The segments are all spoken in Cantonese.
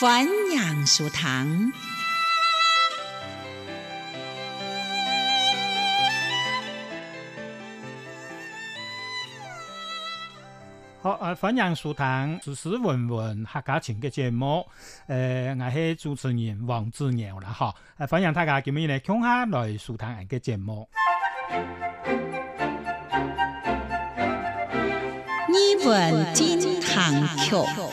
歡迎收聽，好，呃，歡迎收聽，這是文文客家情嘅節目，誒、呃，我、啊、是、那個、主持人王志堯啦，哈，歡迎大家今日嚟聽下來收聽人嘅節目。你問金堂橋。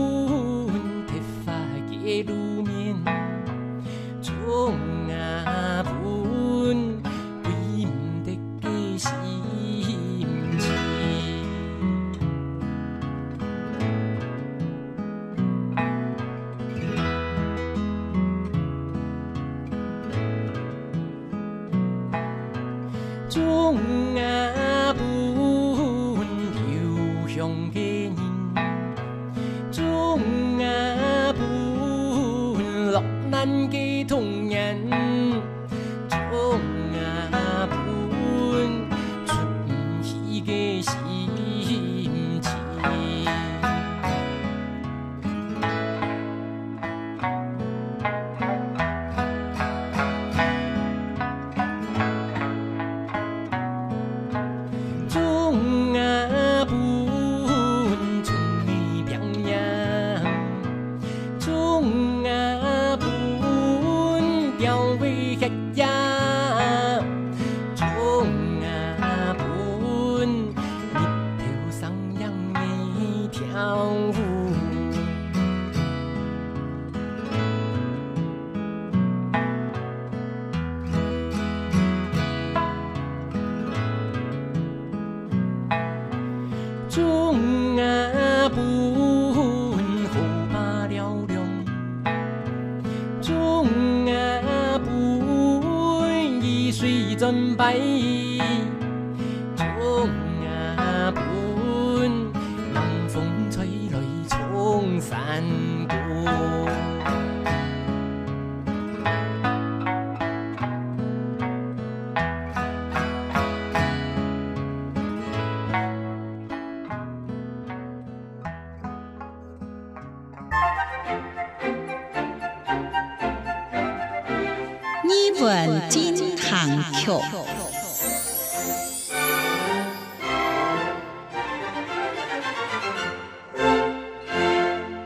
啊、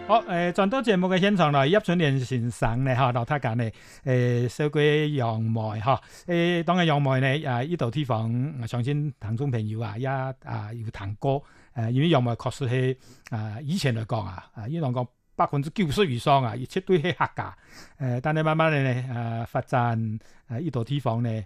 好，誒、呃，轉到節目嘅現場啦！葉春蓮線上咧，吓、哦，劉太監，咧、呃，誒，燒鬼楊梅，吓，誒，當然楊梅咧，啊，呢度地方，相信聽眾朋友啊，一啊要彈歌，誒、呃，因為楊梅確實係，啊、呃，以前嚟講啊，啊，因為講百分之九十以上啊，而絕對係客家誒、呃，但係慢慢嚟咧，誒、啊，發展，誒、啊，度呢度地方咧。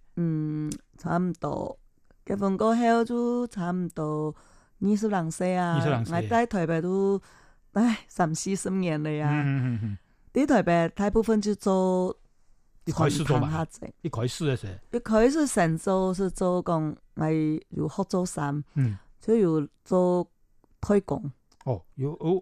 嗯，差唔多結婚過後就差唔多二十零歲啊，我喺台北都唉三四十年了呀、啊。嗯嗯嗯，啲、嗯、台北大部分就做廠下職，一開始嘅時，一開始先做是做工，咪又學做衫，嗯，再又做推廣。哦，有。哦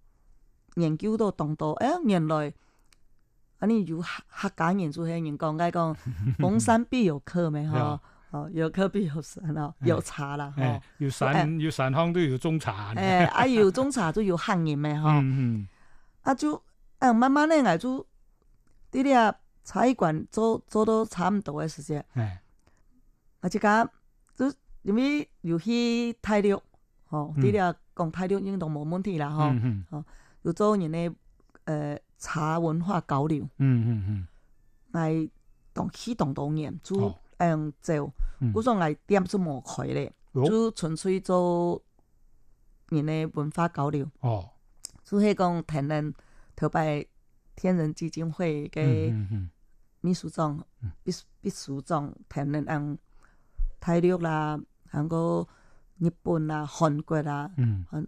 研究到多到，哎、欸，原來嗱呢要客客家人做啲人講，佢講逢山必有客咩？吼、 哦，哦，有客必有山哦，有茶啦，哦，欸、有山有山鄉都有種茶，誒，啊，有種茶都有客人咩？吼，啊，就 嗯，嗯、啊就啊，慢慢咧，我做啲啲、嗯嗯、啊茶藝館做做到差唔多嘅時間，誒，啊就講，就因為又去、哦、太熱，吼，啲啲講太熱已經都冇問題啦，嗬、嗯嗯，哦。有做人哋，誒、呃，茶文化交流。嗯嗯嗯。來，同啟動當年做，誒、哦嗯，做，我仲來點出模塊咧，就純粹做人哋文化交流。哦。就係講天人，台北天人基金會嘅秘、嗯嗯嗯、書長、秘秘書長，天人按泰勒啦，包括日本啦，韓國啦，嗯。嗯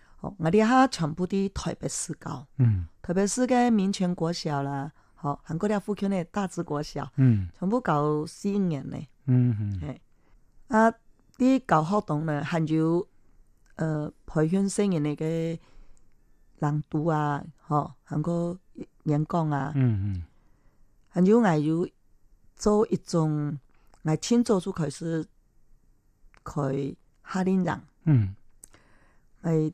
哦、我哋哈全部啲台北市教，嗯，特別是嘅民權國小啦，嗬、哦，韓國啲附近咧大治國小，嗯，全部教四五年咧，嗯，係、嗯欸，啊啲教活動咧，含有呃培訓新人嘅朗讀啊，嗬、哦，含個演講啊，嗯嗯，含有我有做一種，我先做出開始，佢訓練人，嗯，誒、欸。